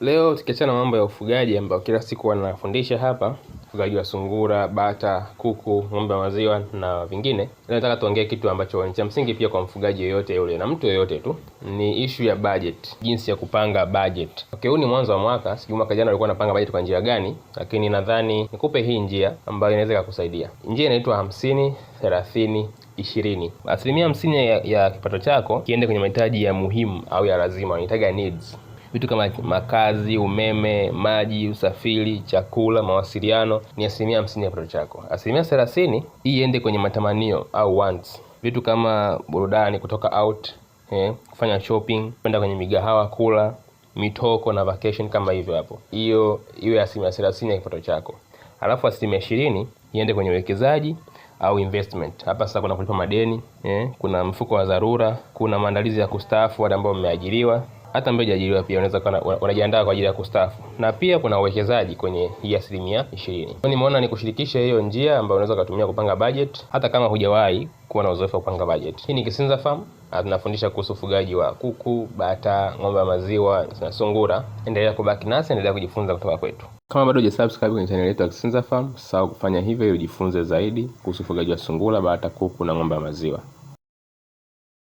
Leo tukiachana mambo ya ufugaji ambayo kila siku wanafundisha hapa, ufugaji wa sungura, bata, kuku, ng'ombe wa maziwa na vingine. Leo nataka tuongee kitu ambacho ni cha msingi pia kwa mfugaji yeyote yule na mtu yeyote tu, ni issue ya budget, jinsi ya kupanga budget. Okay, huu ni mwanzo wa mwaka, sijui mwaka jana alikuwa anapanga budget kwa njia gani, lakini nadhani nikupe hii njia ambayo inaweza kukusaidia. Njia inaitwa hamsini thelathini ishirini. Asilimia hamsini ya, ya kipato chako kiende kwenye mahitaji ya muhimu au ya lazima, unahitaji needs vitu kama makazi, umeme, maji, usafiri, chakula, mawasiliano ni asilimia hamsini ya kipato chako. Asilimia thelathini hii iende kwenye matamanio au wants, vitu kama burudani, kutoka out eh, kufanya shopping, kwenda kwenye migahawa kula, mitoko na vacation kama hivyo hapo, hiyo iwe asilimia thelathini ya kipato chako. Alafu asilimia ishirini iende kwenye uwekezaji au investment. Hapa sasa kuna kulipa madeni eh, kuna mfuko wa dharura, kuna maandalizi ya kustaafu wale ambao mmeajiriwa hata ambao hujaajiriwa pia wanaweza kuwa wanajiandaa kwa ajili ya kustaafu, na pia kuna uwekezaji kwenye hii asilimia ishirini. Nimeona ni kushirikisha hiyo njia ambayo unaweza ukatumia kupanga budget hata kama hujawahi kuwa na uzoefu wa kupanga budget Hii ni Kisinza Farm na tunafundisha kuhusu ufugaji wa kuku, bata, ng'ombe wa maziwa na sungura. Endelea kubaki nasi, endelea kujifunza kutoka kwetu. Kama bado hujasubscribe kwenye chaneli yetu ya Kisinza Farm, sahau kufanya hivyo ili ujifunze zaidi kuhusu ufugaji wa sungura, bata, kuku na ng'ombe wa maziwa.